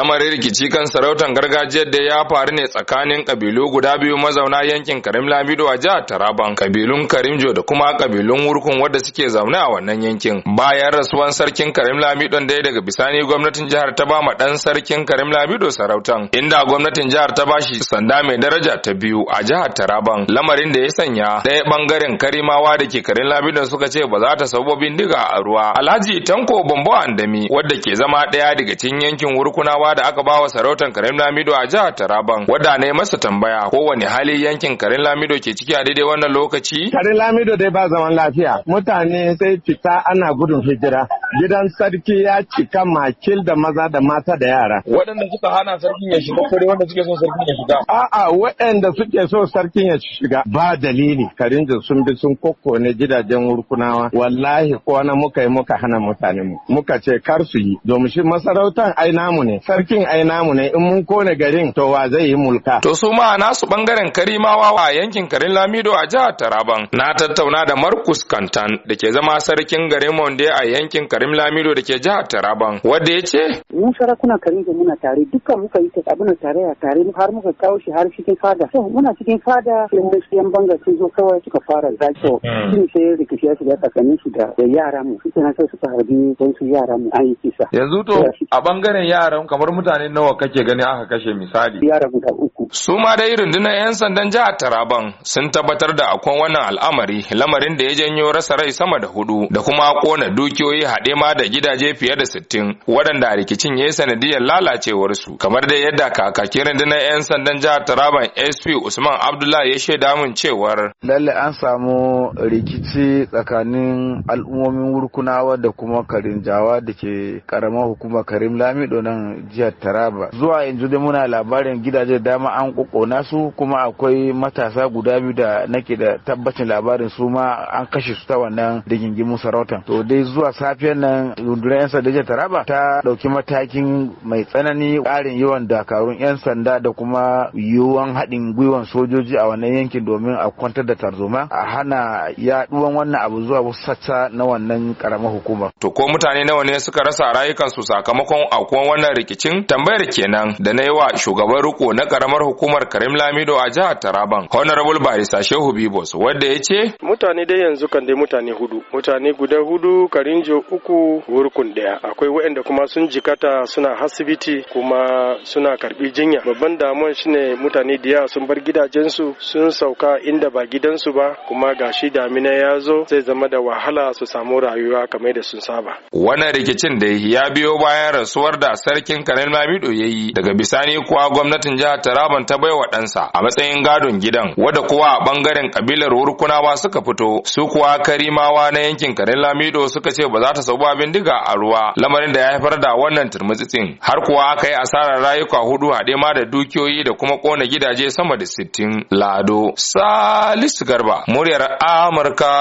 lamarin rikici kan sarautar gargajiyar da ya faru ne tsakanin kabilu guda biyu mazauna yankin karim lamido a jihar taraban kabilun karimjo da kuma kabilun wurkun wadda suke zaune a wannan yankin bayan rasuwan sarkin karim lamido ɗaya daga bisani gwamnatin jihar ta ba ma dan sarkin karim lamido sarautan inda gwamnatin jihar ta bashi sanda mai daraja ta biyu a jihar taraban lamarin da ya sanya ɗaya bangaren karimawa da ke karim lamido suka ce ba za ta sabo bindiga a ruwa alhaji tanko bambo andami wadda ke zama ɗaya daga cikin yankin wurkunawa da aka bawa sarautar Karim Lamido a jihar Taraban wadda ne masa tambaya ko wani hali yankin Karim Lamido ke ciki a daidai wannan lokaci. Karim Lamido dai ba zaman lafiya mutane sai fita ana gudun hijira gidan sarki ya cika makil da maza da mata da yara. Waɗanda suka hana sarkin ya shiga ko wanda suke so sarkin ya shiga? A'a waɗanda suke so sarkin ya shiga ba dalili karin karinjin sun bi sun ne gidajen wurkunawa wallahi ko na muka yi muka hana mutane mu muka ce kar su yi domin shi masarautar ai namu ne. sarkin ai namu ne in mun kone garin to wa zai yi mulka. To su ma nasu bangaren karimawa a yankin garin Lamido a jihar Taraban. Na tattauna da Markus Kantan da ke zama sarkin garin Monde a yankin Karim Lamido da ke jihar Taraban. wadda ya ce? Mu sarakuna karin da muna tare dukkan muka yi ta abin tare a tare har muka kawo shi har cikin fada. To muna cikin fada yan gaskiyan banga sun zo kawai suka fara zaki. Hmm. Shin sai rikici ya shiga tsakanin su da yara mu. Suna sai suka harbi don su yara mu an yi kisa. Yanzu to a bangaren yaran kamar kamar mutane nawa kake gani aka kashe misali ya rabu da su ma dai rundunar 'yan sandan jihar taraban sun tabbatar da akwai wannan al'amari lamarin da ya janyo rasa rai sama da hudu da kuma kona dukiyoyi haɗe ma da gidaje fiye da sittin waɗanda rikicin ya yi sanadiyar lalacewarsu kamar dai yadda kakakin rundunar 'yan sandan jihar taraban sp usman abdullahi ya shaida mun cewar lalle an samu rikici tsakanin al'ummomin wurkunawa da kuma karinjawa da ke karamar hukumar karim lamido nan jihar taraba zuwa yanzu dai muna labarin gidaje dama an kokona su kuma akwai matasa guda biyu da nake da tabbacin labarin su ma an kashe su ta wannan rigingimin sarautan to dai zuwa safiyar nan rundunar 'yan sanda jihar taraba ta dauki matakin mai tsanani karin yawan dakarun 'yan sanda da kuma yiwuwan haɗin gwiwan sojoji a wannan yankin domin a kwantar da tarzoma a hana yaɗuwan wannan abu zuwa wasu sassa na wannan karamar hukuma. to ko mutane nawa ne suka rasa rayukansu sakamakon akwai wannan rikicin tambayar kenan da na yi wa shugaban riko na karamar hukumar Karim Lamido a jihar Taraban Honorable Barista Shehu Bibos wanda ya ce mutane dai yanzu kan dai mutane hudu mutane guda hudu Karinjo uku wurkun daya akwai waɗanda kuma sun jikata suna hasibiti kuma suna karbi jinya babban damuwan shine mutane da yawa sun bar gidajensu sun sauka inda ba gidansu ba kuma gashi damina ya zo zai zama da wahala su samu rayuwa kamar da sun saba wannan rikicin da ya biyo bayan rasuwar da sarkin Karim Lamido yayi daga bisani kuwa gwamnatin jihar Taraba baban ta baiwa ɗansa a matsayin gadon gidan wadda kuwa a ɓangaren kabilar wurkunawa suka fito su kuwa karimawa na yankin karin lamido suka ce ba za ta sauba bindiga a ruwa lamarin da ya haifar da wannan turmutsitsin har kuwa aka yi asarar rayuka hudu haɗe ma da dukiyoyi da kuma ƙona gidaje sama da sittin lado salisu garba muryar amurka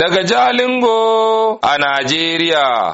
daga jalingo a najeriya